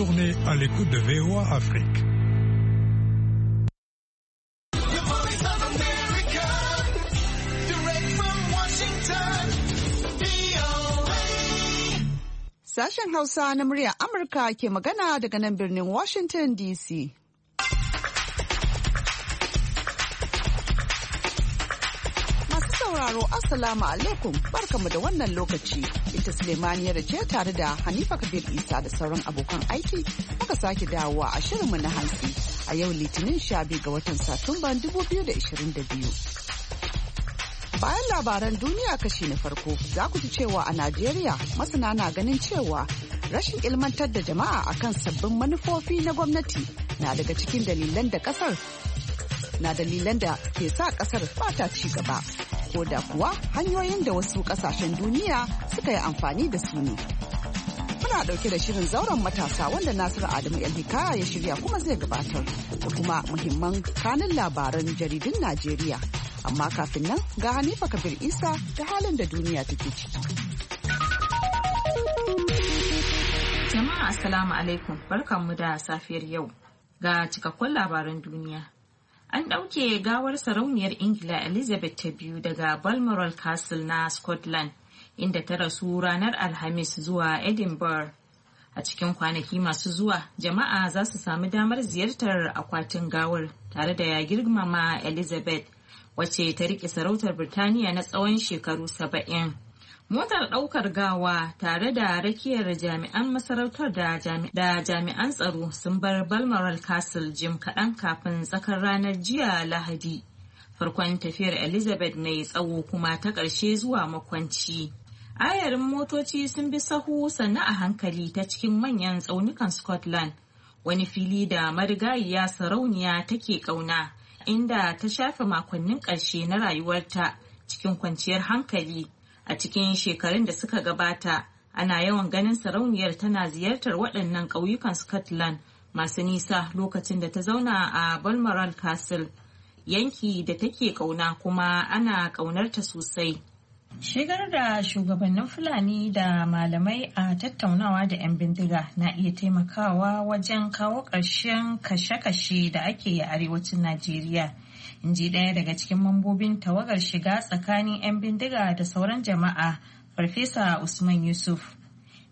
Tournez à l'écoute de VOA Afrique. Sashen Hausa na murya Amurka ke magana daga nan birnin Washington DC. sauraro Assalamu alaikum barkamu da wannan lokaci. Ita da ce tare da Hanifa Kabir Isa da sauran abokan aiki muka sake dawowa a shirinmu na hantsi a yau Litinin biyu ga watan Satumban 2022. Bayan labaran duniya kashi na farko za ku ji cewa a Najeriya masana na ganin cewa rashin ilmantar da jama'a akan sabbin manufofi na gwamnati na daga cikin dalilan da kasar na dalilan da ke sa kasar fata ci gaba. ko da kuwa hanyoyin da wasu kasashen duniya suka yi amfani da su ne. Muna ɗauke da shirin zauren matasa wanda Nasiru Adamu Hikaya ya shirya kuma zai gabatar da kuma muhimman kanin labaran jaridun Najeriya. Amma kafin nan ga Hanifa Kabir Isa da halin da duniya take ciki. Jama'a Assalamu alaikum barkanmu da safiyar yau ga cikakkun labaran duniya. An ɗauke gawar sarauniyar Ingila Elizabeth ta biyu daga Balmoral Castle na Scotland, inda ta rasu ranar Alhamis zuwa Edinburgh. A cikin kwanaki masu zuwa, jama'a za su sami damar ziyartar akwatin gawar tare da ya girmama Elizabeth, wacce ta riƙe sarautar Birtaniya na tsawon shekaru saba'in. motar ɗaukar gawa tare da rakiyar jami'an masarautar da jami'an tsaro sun bar balmoral castle jim kaɗan kafin tsakar ranar jiya lahadi farkon tafiyar elizabeth mai tsawo kuma ta ƙarshe zuwa makwanci ayarin motoci sun bi sahu sannu a hankali ta cikin manyan tsaunukan scotland wani fili da marigayiya sarauniya take ƙauna inda ta shafe makonnin ƙarshe na rayuwarta cikin kwanciyar hankali A cikin shekarun da suka gabata, ana yawan ganin sarauniyar tana ziyartar waɗannan ƙauyukan Scotland masu nisa lokacin da ta zauna a Balmoral Castle, yanki da take ƙauna kuma ana ƙaunarta sosai. Shigar da shugabannin Fulani da malamai a tattaunawa da 'yan bindiga na iya taimakawa wajen kawo ƙarshen kashe-kashe da ake yi a arewacin Najeriya. in ji ɗaya daga cikin mambobin tawagar shiga tsakanin 'yan bindiga da sauran jama'a farfesa usman yusuf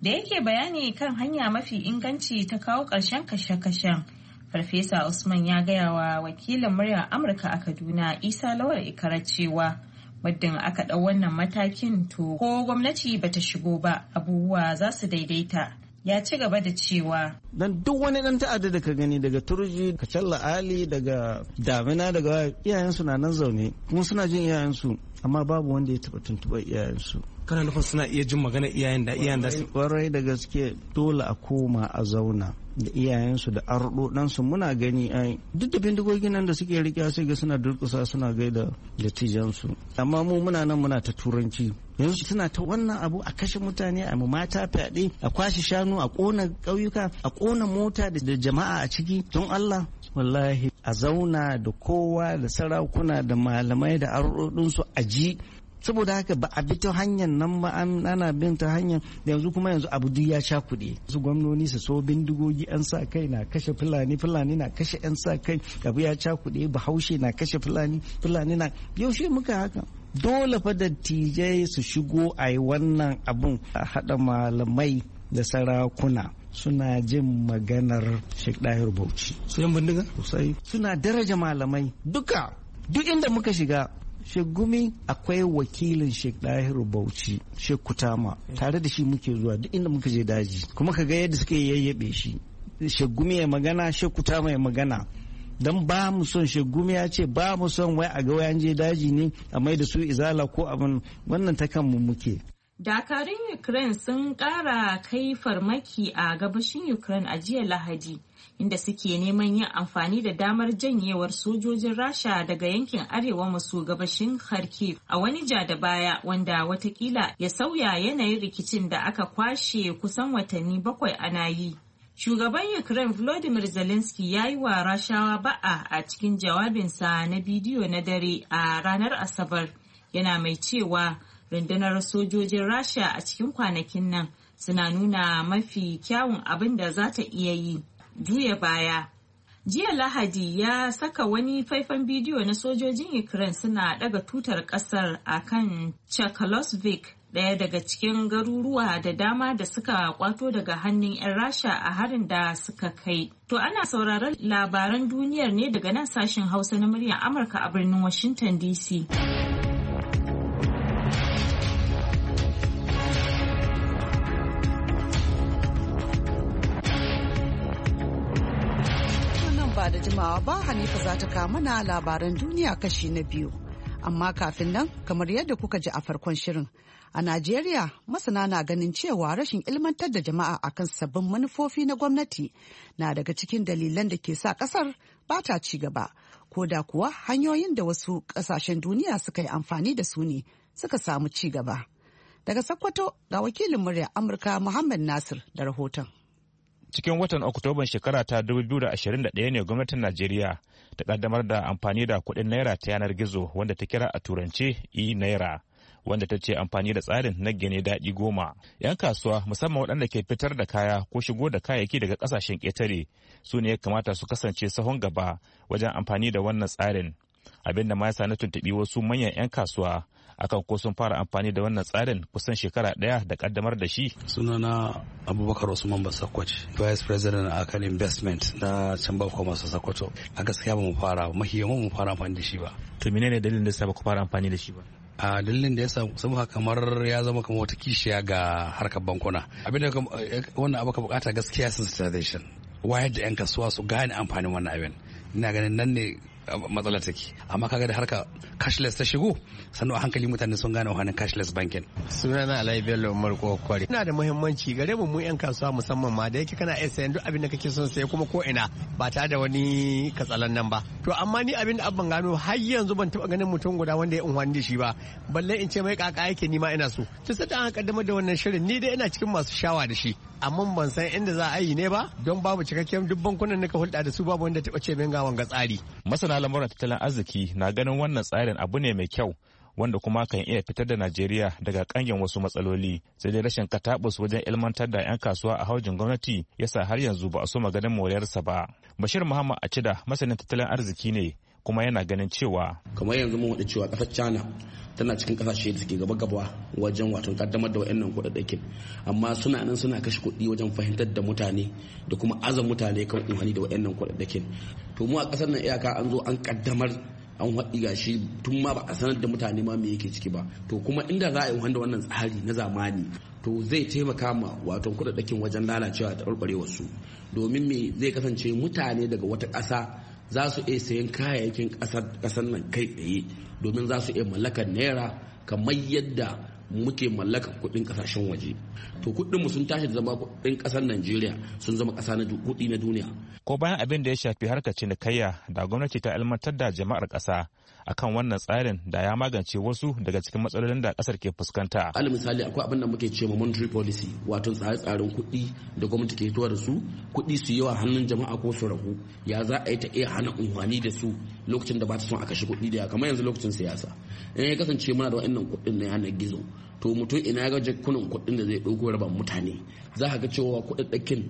da yake bayani kan hanya mafi inganci ta kawo ƙarshen kashe-kashen farfesa usman ya gaya wa wakilin muryar amurka a kaduna isa lawal ikara cewa muddin aka ɗau wannan matakin to ko gwamnati bata shigo ba abubuwa za su daidaita ya ci gaba da cewa dan duk wani dan ta'adda da ka gani daga turji ka challa ali daga damina daga iyayensu na nan zaune kuma suna jin iyayensu amma babu wanda ya taba tuntuɓar iyayensu kana nufin suna iya jin magana iyayen da iyayen da su kwarai da gaske dole a koma a zauna da iyayensu da arɗoɗansu muna gani ai duk da bindigogin nan da suke rike sai ga suna durkusa suna gaida dattijansu amma mu muna nan muna ta turanci yanzu suna ta wannan abu a kashe mutane a mata fyaɗe a kwashe shanu a ƙona ƙauyuka a ƙona mota da jama'a a ciki don Allah wallahi a zauna da kowa da sarakuna da malamai da arɗoɗinsu a ji saboda haka ba a bi ta hanyar nan ba ana bin ta hanyar da yanzu kuma yanzu abu duk ya sha kuɗi su gwamnoni su so bindigogi an sa kai na kashe fulani fulani na kashe yan sa kai abu ya sha kuɗi bahaushe na kashe fulani fulani na yaushe muka haka dole fa dattijai su shigo a yi wannan abun a haɗa malamai da sarakuna suna jin maganar Sheikh Dahir Bauchi. Su bindiga? Suna daraja malamai duka duk inda muka shiga Sheikh akwai wakilin Sheikh Dahiru Bauchi Sheikh Kutama tare da shi muke zuwa duk inda muka je daji kuma ka ga yadda suke yayyabe shi Sheikh Gumi ya magana Sheikh Kutama ya magana don ba mu son shegumi ya ce ba mu son wai a ga wayan je daji ne a mai da su izala ko abin wannan ta mu muke Dakarun Ukraine sun kara kai farmaki a gabashin Ukraine a jiya Lahadi, inda suke neman yin amfani da damar janyewar sojojin Rasha daga yankin arewa maso gabashin Kharkiv a wani ja da baya wanda watakila ya sauya yanayin rikicin da aka kwashe kusan watanni bakwai ana yi. Shugaban Ukraine Volodymyr Zelensky ya yi wa Rashawa ba'a a cikin jawabinsa na bidiyo na dare a ranar Asabar, yana mai cewa rundunar sojojin rasha a cikin kwanakin nan suna nuna mafi kyawun abin da za ta iya yi juya baya jiya lahadi ya saka wani faifan bidiyo na sojojin ukraine suna daga tutar kasar a kan chekhovsvik daya daga cikin garuruwa da dama da suka kwato daga hannun 'yan rasha a harin da suka kai to ana sauraron labaran duniyar ne daga nan sashen hausa na muryar amurka a birnin washington dc da jimawa ba Hanifa za ta mana labaran duniya kashi na biyu. Amma kafin nan, kamar yadda kuka ji a farkon shirin, a Najeriya masana na ganin cewa rashin ilmantar da jama'a akan sabbin manufofi na gwamnati na daga cikin dalilan da ke sa kasar ba ta ci gaba, ko da kuwa hanyoyin da wasu kasashen duniya suka yi amfani da su ne suka samu ci gaba. Daga Sokoto ga wakilin murya Amurka Muhammad Nasir da rahoton. cikin watan oktoban shekara ta 2021 ne gwamnatin najeriya ta kaddamar da amfani da kuɗin naira ta yanar gizo wanda ta kira a turance e-naira wanda ta ce amfani da tsarin na gane daɗi goma. 'Yan kasuwa musamman waɗanda ke fitar da kaya ko shigo da kayayyaki daga ƙasashen ƙetare su ne ya kamata su kasance sahun gaba wajen amfani da wannan tsarin. abinda ma ya sa na tuntuɓi wasu manyan 'yan kasuwa akan ko sun fara amfani da wannan tsarin kusan shekara ɗaya da kaddamar da shi. Sunana Abubakar Usman Basakwaci, Vice President akan Investment na Chamber of Commerce Sokoto. A gaskiya ba mu fara, mahiyamu mu fara amfani da shi ba. To menene dalilin da sa ba ku fara amfani da shi ba? a dalilin da ya samu haka kamar ya zama kamar wata kishiya ga harkar bankuna abin da eh, wannan abu ka bukata gaskiya sensitization wayar da 'yan kasuwa su gane amfanin wannan abin ina ganin nan ne matsalar take amma kaga da harka cashless ta shigo sannu a hankali mutane sun gane wahanin cashless banking sunana alai bello umar kokwari ina da muhimmanci gare mu mu yan kasuwa musamman ma da yake kana iya sayan duk abin da kake son saye kuma ko ina ba tare da wani katsalan nan ba to amma ni abin da abban gano har yanzu ban taba ganin mutum guda wanda ya unwani da shi ba balle in ce mai kaka yake ni ma ina so to sai an kaddamar da wannan shirin ni dai ina cikin masu shawa da shi amma ban san inda za a yi ne ba don babu cikakken duk kunan nika hulɗa da su babu wanda taɓa ce min gawan ga tsari masana lamuran tattalin arziki na ganin wannan tsarin abu ne mai kyau wanda kuma kan iya fitar da Najeriya daga kangen wasu matsaloli sai dai rashin katabus wajen ilmantar da 'yan kasuwa a haujin gwamnati yasa har yanzu ba a so maganin moriyarsa ba. Bashir Muhammad Acida masanin tattalin arziki ne kuma yana ganin cewa kamar yanzu mun cewa kasar China tana cikin kasashe da suke gaba gaba wajen wato kaddamar da wayannan kuɗaɗɗakin amma suna nan suna kashe kuɗi wajen fahimtar da mutane da kuma azan mutane kan umarni da wayannan kuɗaɗɗakin to mu a kasar nan iyaka an zo an kaddamar an haɗi gashi tun ma ba a sanar da mutane ma me yake ciki ba to kuma inda za a yi wanda wannan tsari na zamani to zai taimaka ma wato kuɗaɗɗakin wajen lalacewa da su domin me zai kasance mutane daga wata ƙasa za su iya sayan kayayyakin kasar nan kai tsaye domin za su iya mallakar naira kamar yadda muke mallakar kuɗin ƙasashen waje to kuɗin mu sun tashi zama kuɗin kasar najeriya sun zama kasa na kuɗi na duniya ko bayan abin da ya shafi harkar cinikayya da gwamnati ta ilmantar da jama'ar ƙasa akan wannan tsarin da ya magance wasu daga cikin matsalolin da kasar ke fuskanta. Alal misali akwai abin da muke cewa monetary policy wato tsare-tsaren kuɗi da gwamnati ke fitowa da su kuɗi su yawa hannun jama'a ko su ragu ya za a yi ta iya hana unhwani da su lokacin da ba ta son a kashe kuɗi da ya kamar yanzu lokacin siyasa. In ya kasance muna da wa'annan kuɗin na yanar gizo to mutum ina ga jakkunan kuɗin da zai ɗauko raban mutane za ka ga cewa kuɗaɗɗakin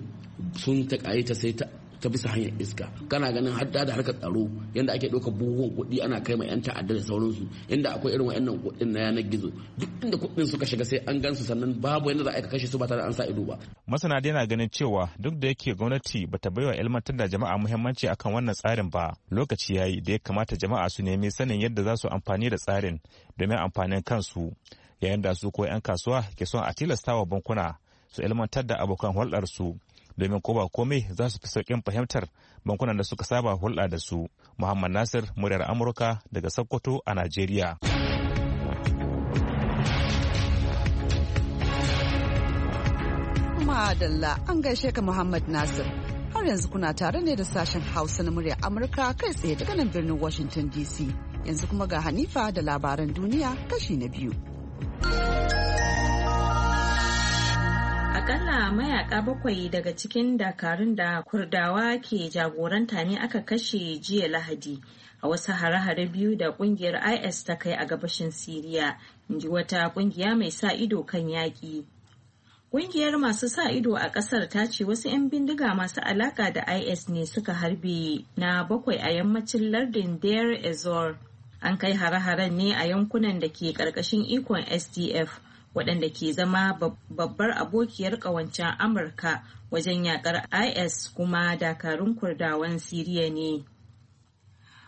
sun ta ta sai ta ta bisa hanyar iska kana ganin hadda da harkar tsaro yadda ake ɗaukar buhuhun kuɗi ana kai ma 'yan ta'adda da sauransu inda akwai irin wa'annan kuɗin na yanar gizo duk inda kuɗin suka shiga sai an su sannan babu yadda za a kashe su ba tare an sa ido ba. masana dai na ganin cewa duk da yake gwamnati ba ta baiwa ilmantar da jama'a muhimmanci akan wannan tsarin ba lokaci yayi da ya kamata jama'a su nemi sanin yadda za su amfani da tsarin domin amfanin kansu yayin da su ko 'yan kasuwa ke son a tilastawa bankuna su ilmantar da abokan hulɗarsu domin ko ba komai za su fi sauƙin fahimtar bankunan da suka saba hulɗa da su. Muhammad Nasir muryar Amurka daga Sokoto a Najeriya. Madalla an gaishe ka Muhammad Nasir. Har yanzu kuna tare ne da sashen Hausa na muryar Amurka kai tsaye daga nan birnin Washington DC. Yanzu kuma ga Hanifa da labaran duniya kashi na biyu. Akalla mayaka bakwai daga cikin dakarun da Kurdawa ke jagoranta ne aka kashe jiya Lahadi a wasu hare-hare biyu da kungiyar IS ta kai a gabashin Siriya, inji wata kungiya mai sa ido kan yaƙi. Kungiyar masu sa ido a ƙasar ta ce wasu 'yan bindiga masu alaƙa da IS ne suka harbe na bakwai a yammacin lardin Deir Ezor. An kai hare-haren ne a yankunan da ke ƙarƙashin ikon SDF. waɗanda ke zama babbar abokiyar ƙawancen amurka wajen yakar is kuma dakarun kurdawan siriya ne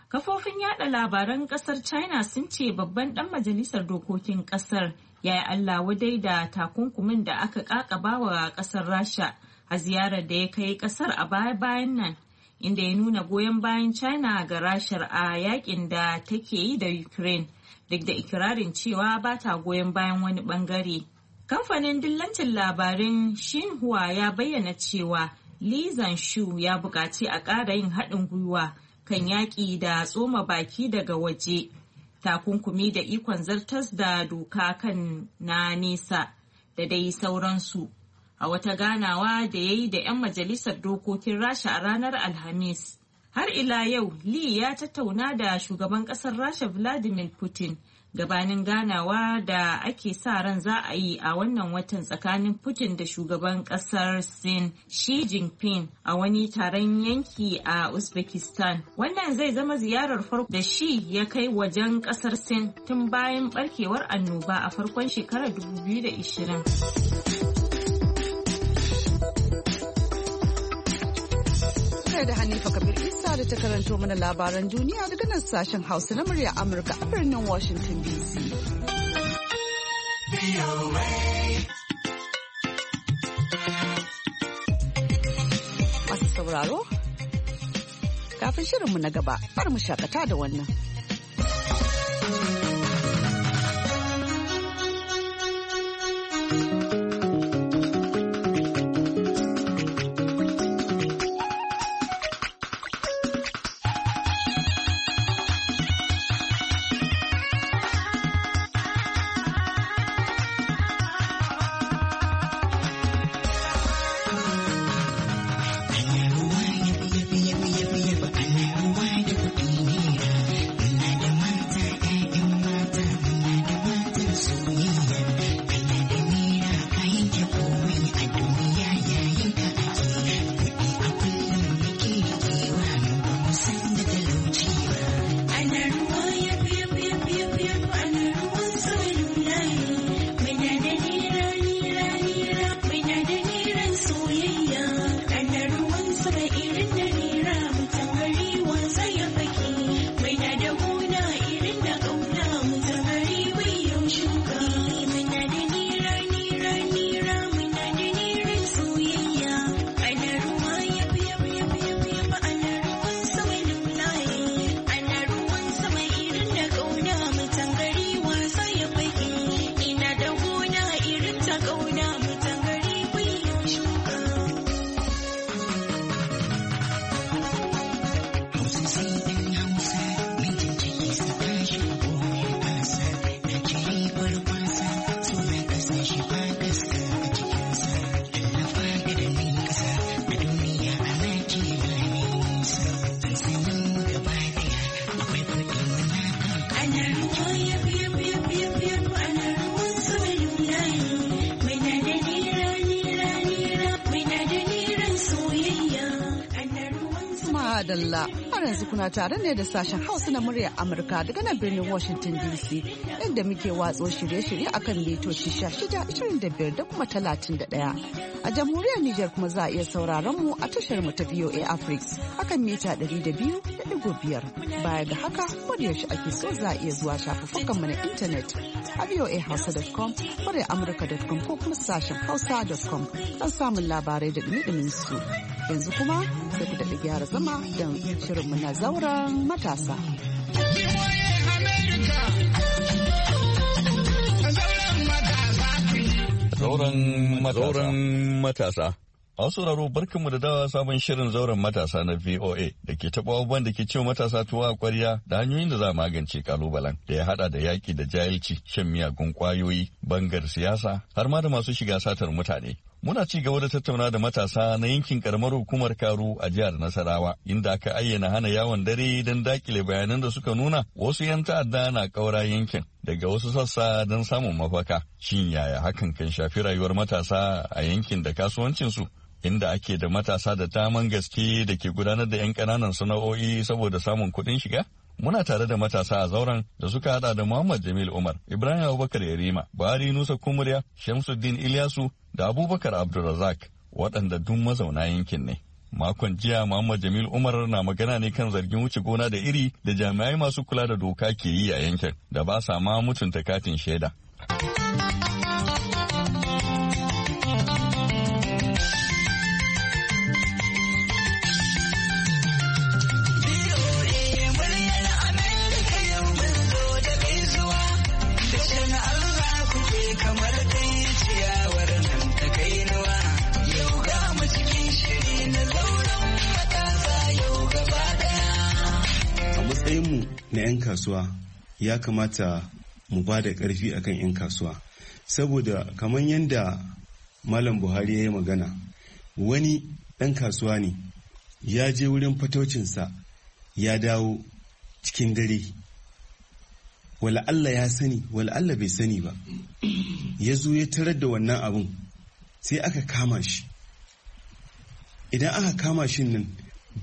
kafofin yada labaran kasar china sun ce babban dan majalisar dokokin kasar ya yi allah wadai da takunkumin da aka kakaba wa kasar rasha a ziyarar da ya kai kasar a baya bayan nan inda ya nuna goyon bayan china ga rashar a yakin da take yi da ukraine duk da ikirarin cewa ba ta goyon bayan wani bangare kamfanin dillancin labarin xinhua ya bayyana cewa lizan shu ya buƙaci a ƙara yin haɗin gwiwa kan yaƙi da tsoma baki daga waje takunkumi da ikon zartas da doka kan na nesa da dai sauransu a wata ganawa da ya yi da 'yan majalisar dokokin rasha a ranar alhamis har ila yau li ya tattauna da shugaban kasar rasha vladimir putin gabanin ganawa da ake sa ran za a yi a wannan watan tsakanin putin da shugaban kasar sin shi jinping a wani taron yanki a uzbekistan wannan zai zama ziyarar farko da shi ya kai wajen kasar sin tun bayan barkewar annoba a farkon shekarar 2020 gaida da Hanifa Kabir Isa da ta karanto mana labaran duniya daga nan sashen Hausa na murya Amurka a birnin Washington DC. Masu sauraro, kafin shirinmu na gaba, bar mu shakata da wannan. Abdullah har yanzu kuna tare ne da sashen Hausa na muryar Amurka daga nan birnin Washington DC inda muke watso shirye-shirye akan mitoci 1625 da kuma talatin da ɗaya. A jamhuriyar Nijar kuma za a iya sauraron mu a tashar mu ta VOA Africa akan mita ɗari da biyu 200.5 baya ga haka yaushe ake so za a iya zuwa shafukan mu na intanet a voahausa.com muryar amurka.com ko kuma sashen Hausa hausa.com don samun labarai da dumi su. yanzu kuma sai ku daɗi gyara zama don shirinmu na zauren matasa. Zauren matasa. A sauraro barkanmu da dawa sabon shirin zauren matasa na VOA da ke taɓa abubuwan da ke cewa matasa tuwa a ƙwarya da hanyoyin da za a magance kalubalen da ya haɗa da yaƙi da jahilci, shan miyagun ƙwayoyi, bangar siyasa, har ma da masu shiga satar mutane. Muna ci gaba da tattauna da matasa na yankin karamar hukumar Karu a jihar Nasarawa, inda aka ayyana hana yawon dare don dakile bayanan da suka nuna wasu 'yan ta'adda na ƙaura yankin daga wasu sassa don samun mafaka. Shin yaya hakan kan shafi rayuwar matasa a yankin da kasuwancinsu? Inda ake da matasa da taman gaske da ke gudanar da 'yan ƙananan sana'o'i saboda samun kuɗin shiga? muna tare da matasa a zauren da suka hada da Muhammad Jamil Umar, Ibrahim Abubakar Yarima, Buhari Nusa Kumuriya, Shamsuddin Ilyasu da Abubakar Abdulrazak waɗanda duk mazauna yankin ne. Makon jiya Muhammad Jamil Umar na magana ne kan zargin wuce gona da iri da jami'ai masu kula da doka ke yi a yankin da ba sa ma mutunta katin shaida. na 'yan kasuwa ya kamata mu ba da ƙarfi akan 'yan kasuwa saboda kamar yadda malam buhari ya yi magana wani ɗan kasuwa ne ya je wurin fatocinsa ya dawo cikin dare wala Allah ya sani wala Allah bai sani ba ya zo ya tarar da wannan abun sai aka kama shi idan aka kama shi nan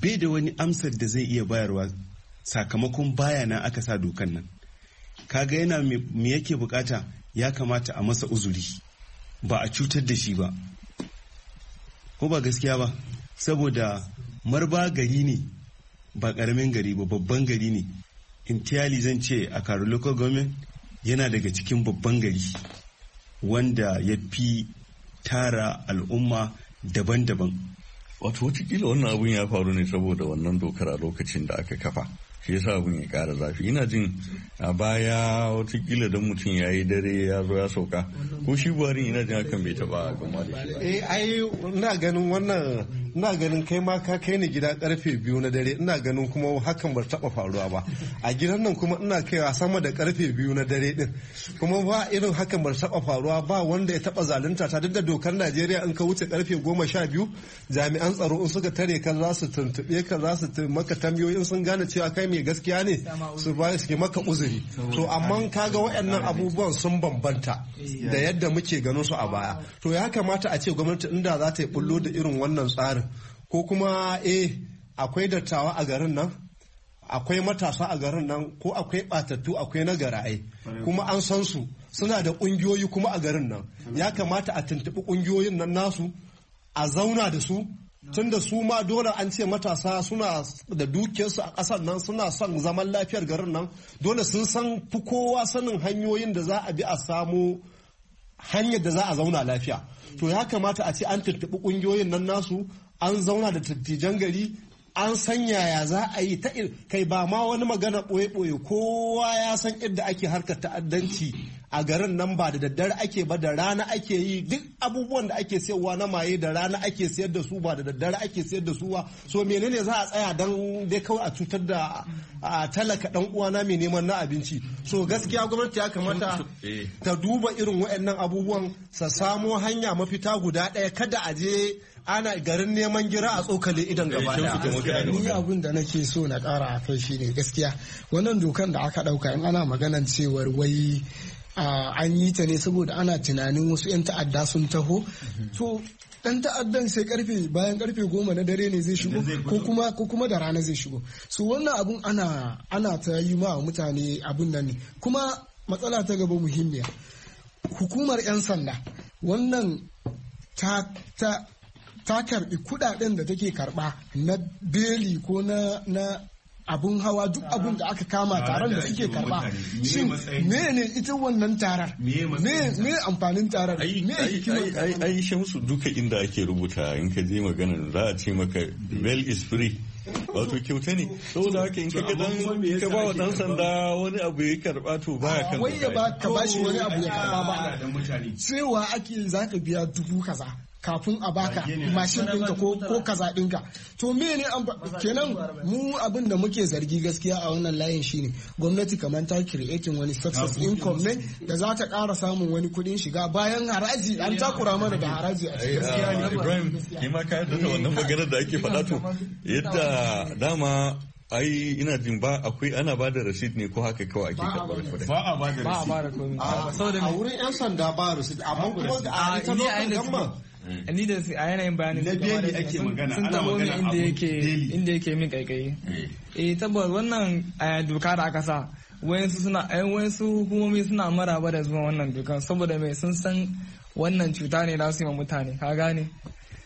bai da wani amsar da zai iya bayarwa sakamakon baya nan aka sa dokan nan kaga yana me yake bukata ya kamata a masa uzuri ba a cutar da shi ba ko ba gaskiya ba saboda marba gari ne ba ƙaramin gari ba babban gari ne intiyali zan ce a karu local yana daga cikin babban gari wanda ya fi tara al'umma daban-daban wato watakila wannan abun ya faru ne saboda wannan dokar a lokacin da aka kafa shi yasa abin ya kara zafi ina jin a baya watakila don mutum ya yi dare ya zo ya sauka ko shi buhari ina jin hakan bai taba gama da shi ba eh ai ina ganin wannan ina ganin kai ma ka kai ni gida karfe biyu na dare ina ganin kuma hakan bar taba faruwa ba a gidan nan kuma ina kaiwa sama da karfe biyu na dare din kuma ba irin hakan bar taba faruwa ba wanda ya taba zalunta ta duk da dokar Najeriya in ka wuce karfe goma sha biyu jami'an tsaro in suka tare ka za su tuntuɓe ka za su maka tambayoyin sun gane cewa kai mai gaskiya ne su ba su maka uzuri to amma kaga waɗannan abubuwan sun bambanta da yadda muke ganin su a baya to ya kamata a ce gwamnati inda za ta yi bullo da irin wannan tsarin ko kuma eh akwai dattawa a garin nan akwai matasa a garin nan ko akwai batattu akwai na garaye eh. kuma an san su suna da ƙungiyoyi kuma a garin nan ya kamata a tuntuɓi ƙungiyoyin nan nasu a zauna da su tunda su ma dole an ce matasa suna da dukiyarsu a ƙasar nan suna son zaman lafiyar garin nan dole sun san fi kowa sanin hanyoyin da za a bi a samu hanyar da za a zauna lafiya to ya kamata a ce an tuntuɓi kungiyoyin nan nasu an zauna da tattijan gari an san yaya za a yi ta kai ba ma wani magana ɓoye-ɓoye kowa ya san inda ake harka ta'addanci a garin nan ba da daddare ake ba da rana ake yi duk abubuwan da ake sayarwa na maye da rana ake sayar da su ba da daddare ake sayar da su ba so menene za a tsaya dan dai kawai a cutar da a talaka dan uwana mai neman na abinci so gaskiya gwamnati ya kamata eh. ta duba irin waɗannan abubuwan sa samo hanya mafita guda ɗaya kada a je ana garin neman gira a tsokale idan gaba eh, daya ni abin da nake so na kara a kai shine gaskiya wannan dokan da aka dauka in ana maganan cewar wai an yi ta ne saboda ana tunanin wasu 'yan ta'adda sun taho to dan ta'addan sai karfe bayan karfe goma na dare ne zai shigo ko kuma ko kuma da rana zai shigo so wannan abun ana ana ta yi ma mutane abun nan ne kuma matsala ta gaba muhimmiya hukumar 'yan sanda wannan ta ta ta karbi kudaden da take karba na beli ko na abun hawa duk abun da aka kama taron da suke karba shin me ne ita wannan tarar me amfanin tarar me ai shamsu duka inda ake rubuta in ka je magana za a ce maka bell is free wato kyauta ne saboda haka in kaga dan ka ba wa dan sanda wani abu ya karba to baya kan wai ya ba ka bashi wani abu ya karba ba cewa ake zaka biya dubu kaza kafin a baka mashin ɗinka ko kaza ɗinka to me ne an kenan mu abin da muke zargi gaskiya a wannan layin shine gwamnati kamar ta creating wani success income ne da za ta ƙara samun wani kuɗin shiga bayan haraji an takura mana da haraji a cikin ah, Ibrahim ke ma ka yadda wannan maganar da ake faɗa to yadda dama ai ina jin ba akwai ana ba da rashid ne ko haka kawai ake karɓar kuɗi ba a ba da rashid ah, a wurin yan sanda ba rashid amma kuma a ah, ita lokacin Mm. ni da a yanayin bayanin na beli ake magana ana magana inda yake inda yake min kaikayi eh. eh tabbas wannan eh, doka da aka sa wayansu suna ai eh, wayansu hukumomi suna maraba da zuwa wannan doka saboda mai sun san wannan cuta ne za su yi ma mutane ka gane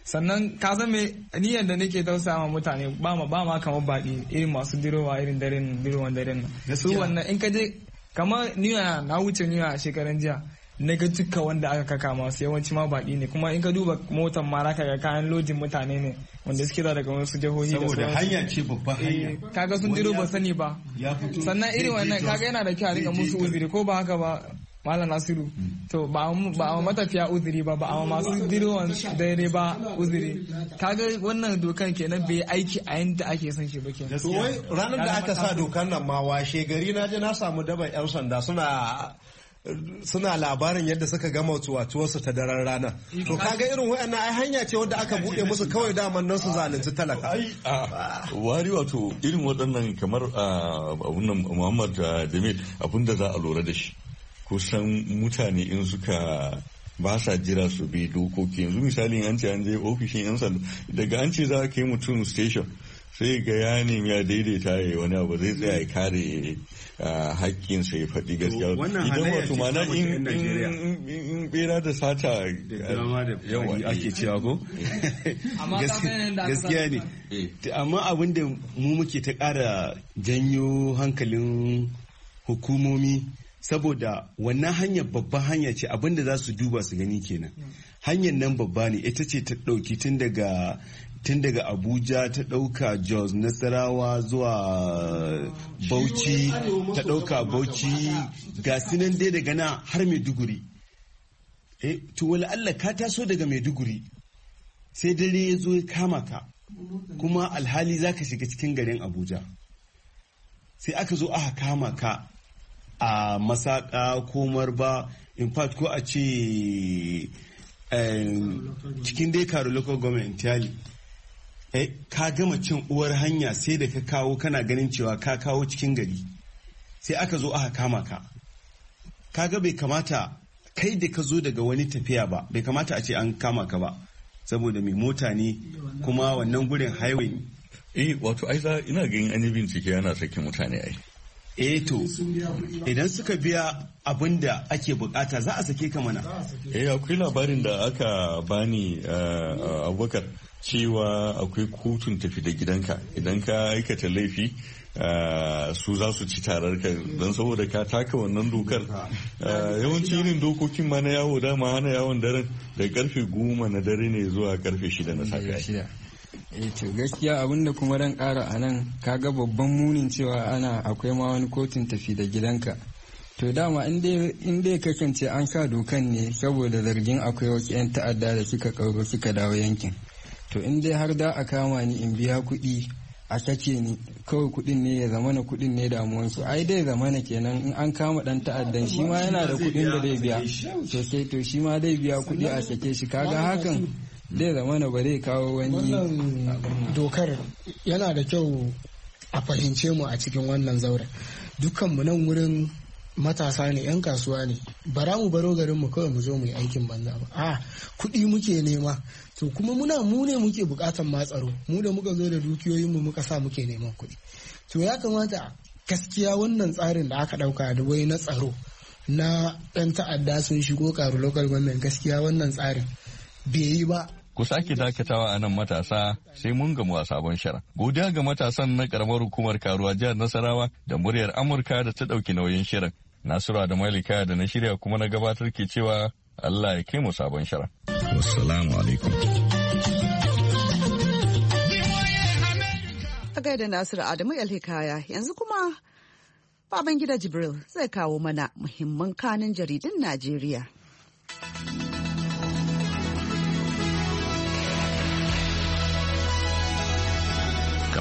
sannan ka san me niyyar da nake tausaya ma mutane ba ma ba ma kamar baki irin masu dirowa irin daren dirowan daren su wannan in ka je kamar niyo na wuce niyo a shekaran jiya na ga duka wanda aka kaka masu yawanci ma baɗi ne kuma in ka duba motar ma ka ga kayan lodin mutane ne wanda suke daga wasu jihohi da saboda hanya ce babban eh, hanya kaga sun jiro ba sani ba sannan irin wannan kaga yana da kyau a rika musu uzuri ko ba haka ba Malam Nasiru, hmm. to ba a matafiya uzuri ba, ba a masu diriwan daidai ba uzuri. Kaga wannan dokan kenan bai aiki a yadda ake son shi ba kenan. ranar da aka sa dokan nan ma washe gari na je na samu daban 'yan sanda suna suna labarin yadda suka gama wasu ta daren rana to kaga irin wayannan ai hanya ce wadda aka bude musu kawai daman nan su zalunci talaka wari wato irin waɗannan kamar abunan Muhammad Jamil abinda za a lura da shi kusan mutane in suka ba sa jira su bi dokoki yanzu misali an ce an je ofishin yan sanda daga an ce za ka yi mutum station sai ga ya daidaita ya wani abu zai tsaya ya kare ah, hakkin sai faɗi gaskiya idan ma mana in bera da sata yawa eh. ake cewa ko gaskiya ne eh. amma abin mu muke ta ƙara janyo hankalin hukumomi saboda wannan hanyar babban hanya ce abinda za su duba su gani kenan mm. hanyar nan babba ne ita ce ta ɗauki tun daga tun daga abuja ta ɗauka jos nasarawa zuwa bauchi ta ɗauka bauchi ga sinan dai daga na har maiduguri eh to wala Allah ka taso daga maiduguri sai dare ya zo ya kama ka kuma alhali za ka shiga cikin garin abuja sai aka zo aka kama ka a masaka ko marba in fact ko a ce eh, cikin dai karo local government Eh, ka gama cin uwar hanya sai da ka kawo kana ganin cewa ka kawo cikin gari sai aka zo aka kama ka Ka ga bai kamata kai da ka zo daga wani tafiya ba bai kamata a ce an kama ka ba saboda mai mota ne kuma wannan gurin highway ne eh wato ai ina ganin an yi bincike yana sake mutane ai eh to idan suka biya abin da ake bukata za a sake ka mana eh akwai labarin da aka bani eh, abubakar cewa akwai kotun tafi da gidanka idan ka aikata laifi ah, su za su ci tarar ka don saboda ka taka wannan dokar ah, yawanci irin dokokin ma na yawo dama hana yawon daren da karfe goma na dare ne zuwa karfe shida na safe eh to gaskiya abinda kuma ran kara a nan kaga babban munin cewa ana akwai ma wani kotun tafi da gidanka to dama in dai kasance an sa dokan ne saboda zargin akwai wasu 'yan ta'adda da suka kauro suka dawo yankin to in dai har da a kama ni in biya kuɗi a sake ni kawai kuɗin ne ya zamana kuɗin ne damuwansu ai dai zamana kenan in an kama ɗan ta'addan shi ma yana da kuɗin da zai biya to sai to shi ma zai biya kuɗi a sake shi kaga hakan zai zamana ba zai kawo wani dokar yana da kyau a fahimce mu a cikin wannan zauren mu nan wurin matasa ne 'yan kasuwa ne bara mu baro garin mu kawai mu zo mu yi aikin banza ba a kuɗi muke nema to kuma muna mu ne muke ma matsaro mu da muka zo da dukiyoyin mu muka sa muke neman kuɗi to ya kamata gaskiya wannan tsarin da aka ɗauka da wai na tsaro na ɗan ta'adda sun shigo karu local government gaskiya wannan tsarin bai yi ba ku sake dakatawa a nan matasa sai mun gamu a sabon shara. Godiya ga matasan na karamar hukumar karuwa jihar Nasarawa da muryar Amurka da ta ɗauki nauyin shirin Nasiru adamu Malika da na shirya kuma na gabatar ke cewa Allah ya kai mu sabon shirin. Wassalamu alaikum. A da Nasiru Adamu Alhikaya yanzu kuma Babangida Jibril zai kawo mana muhimman kanin jaridun Najeriya.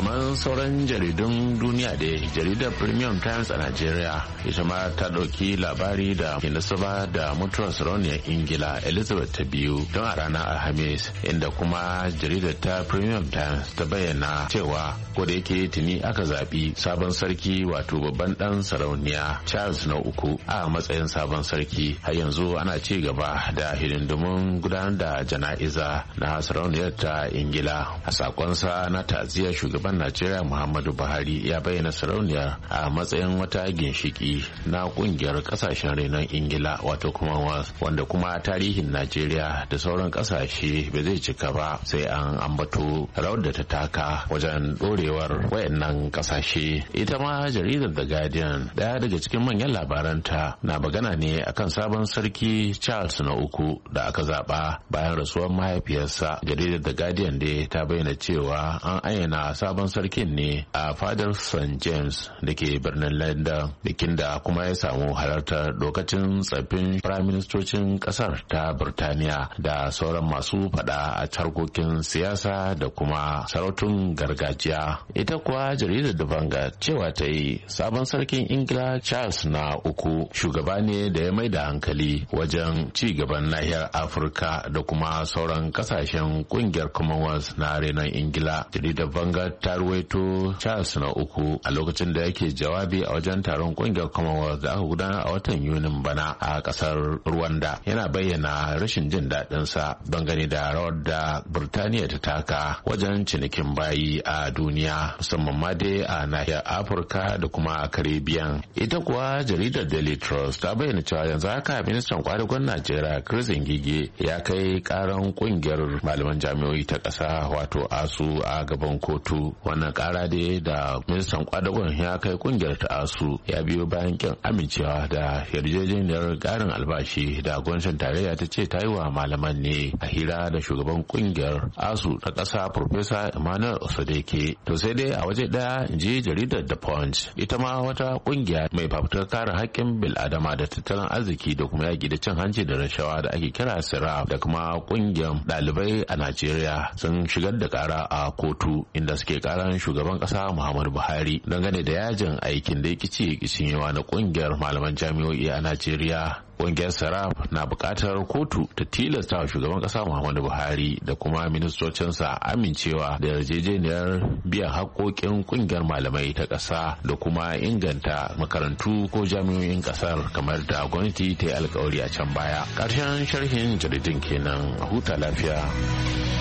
kamar sauran jaridun duniya da jaridar premium times a nigeria ita ma ta ɗauki labari da nasaba da mutuwar sarauniyar ingila elizabeth ta biyu don a ranar alhamis inda kuma jaridar ta premium times ta bayyana cewa da yake tuni aka zaɓi sabon sarki wato babban ɗan sarauniya charles na uku a matsayin sabon sarki har yanzu ana ci gaba da hidindimun gudanar da jana'iza na sarauniyar ta ingila a sakonsa na ta'aziyar shugaban shugaban najeriya muhammadu buhari ya bayyana sarauniya a matsayin wata ginshiki na kungiyar kasashen renon ingila wato commonwealth wanda kuma tarihin najeriya da sauran kasashe bai zai cika ba sai an ambato rawar da ta taka wajen dorewar wayannan kasashe ita ma jaridar the guardian daya daga cikin manyan labaranta na bagana ne akan sabon sarki charles na uku da aka zaba bayan rasuwar mahaifiyarsa jaridar the guardian dai ta bayyana cewa an ayyana sabon sabon sarkin ne a fadar st james da ke birnin london bikin da kuma ya samu halartar lokacin tsaffin firaministocin kasar ta birtaniya da sauran masu fada a harkokin siyasa da kuma sarautun gargajiya ita kuwa jaridar da banga cewa ta yi sabon sarkin ingila charles na uku shugaba ne da ya mai da hankali wajen ci gaban nahiyar afirka da kuma sauran kasashen kungiyar commonwealth na renon ingila jaridar banga ta ta ruwaito charles na uku a lokacin da yake jawabi a wajen taron kungiyar commonwealth da aka gudanar a watan yunin bana a kasar rwanda yana bayyana rashin jin daɗinsa dangane da rawar da birtaniya ta taka wajen cinikin bayi a duniya musamman ma dai a nahiyar afirka da kuma caribbean ita kuwa jaridar daily trust ta bayyana cewa yanzu haka ministan kwadagon najeriya chris ngige ya kai karan kungiyar malaman jami'oi ta ƙasa wato asu a gaban kotu wannan kara da da ministan kwadagon ya kai kungiyar ta asu ya biyo bayan kin amincewa da yarjejeniyar karin albashi da gwamnatin tarayya ta ce ta yi wa malaman ne a hira da shugaban kungiyar asu ta kasa profesa emmanuel osodeke to sai dai a waje daya je jaridar the punch ita ma wata kungiya mai fafutar kare hakkin bil'adama da tattalin arziki da kuma yaki da cin hanci da rashawa da ake kira siraf da kuma kungiyar ɗalibai a najeriya sun shigar da kara a kotu inda suke karan shugaban kasa Muhammadu Buhari dangane da yajin aikin da ya kici yawa na kungiyar malaman jami'o'i a Najeriya kungiyar saraf na buƙatar kotu ta tilasta wa shugaban kasa muhammadu buhari da kuma ministocinsa amincewa da yarjejeniyar biyan haƙƙoƙin kungiyar malamai ta ƙasa da kuma inganta makarantu ko jami'o'in ƙasar kamar da gwamnati ta yi alkawari a can baya Karshen sharhin jaridin kenan a huta lafiya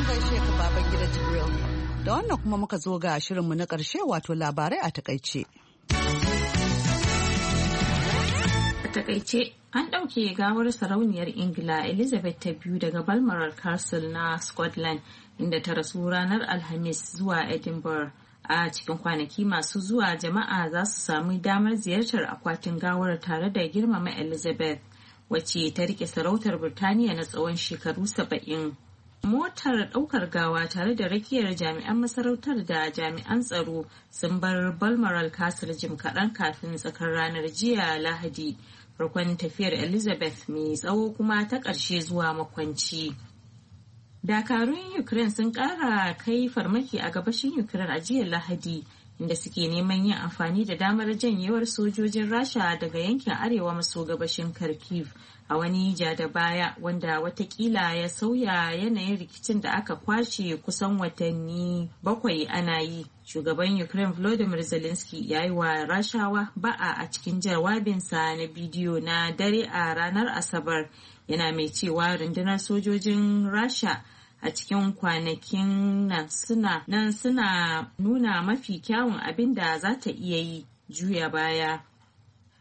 an gaishe ka baban gida Jibril. Da wannan kuma muka zo ga shirinmu na karshe wato labarai a takaice. A takaice an ɗauke gawar sarauniyar Ingila Elizabeth ta biyu daga Balmoral Castle na Scotland inda ta rasu ranar Alhamis zuwa Edinburgh. a cikin kwanaki masu zuwa jama'a za su sami damar ziyartar akwatin gawar tare da girmama elizabeth wacce ta rike sarautar birtaniya na tsawon shekaru saba'in motar ɗaukar gawa tare da rakiyar jami'an masarautar da jami'an tsaro sun bar balmoral castle jim kaɗan kafin tsakar ranar jiya lahadi farkon tafiyar elizabeth mai tsawo kuma ta ƙarshe zuwa makwanci dakarun ukraine sun ƙara kai farmaki a gabashin ukraine a jiya lahadi inda suke neman yin amfani da damar janyewar sojojin rasha daga yankin arewa maso gabashin kharkiv a wani ja da baya wanda watakila ya sauya yanayin rikicin da aka kwashe kusan watanni bakwai ana yi shugaban ukraine volodymyr zelensky ya yi wa rashawa ba'a a cikin jawabinsa na bidiyo na dare a ranar asabar yana mai cewa rundunar sojojin rasha a cikin kwanakin nan suna nan suna nuna mafi kyawun abin da za ta iya yi juya baya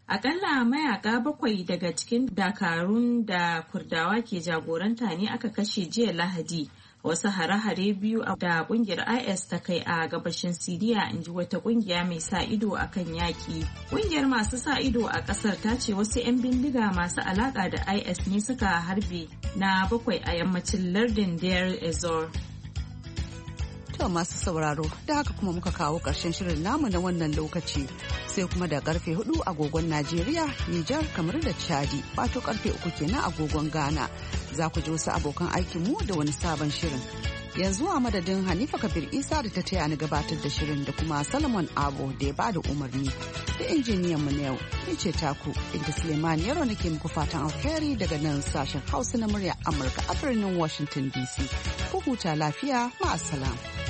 akalla mayaka bakwai daga cikin dakarun da kurdawa ke jagoranta ne aka kashe jiya lahadi wasu hare-hare biyu da kungiyar is ta kai a gabashin siriya in ji wata kungiya mai sa ido a kan yaƙi kungiyar masu sa ido a ƙasar ta ce wasu 'yan bindiga masu alaƙa da is ne suka harbe na bakwai a yammacin lardin deir ezor to masu sauraro da haka kuma muka kawo ƙarshen shirin namu na wannan lokaci sai kuma da karfe 4 agogon Najeriya, Nijar, kamar da Chadi, wato karfe 3 kenan agogon Ghana. Za ku ji wasu abokan aikinmu da wani sabon shirin. Yanzu a madadin Hanifa Kabir Isa da ta taya ni gabatar da shirin da kuma Salomon Abo da ya bada umarni da injiniyan mu na yau ni ce taku inda Suleiman Yaro nake muku fatan alheri daga nan sashen Hausa na murya Amurka a birnin Washington DC. Ku huta lafiya ma'asalam.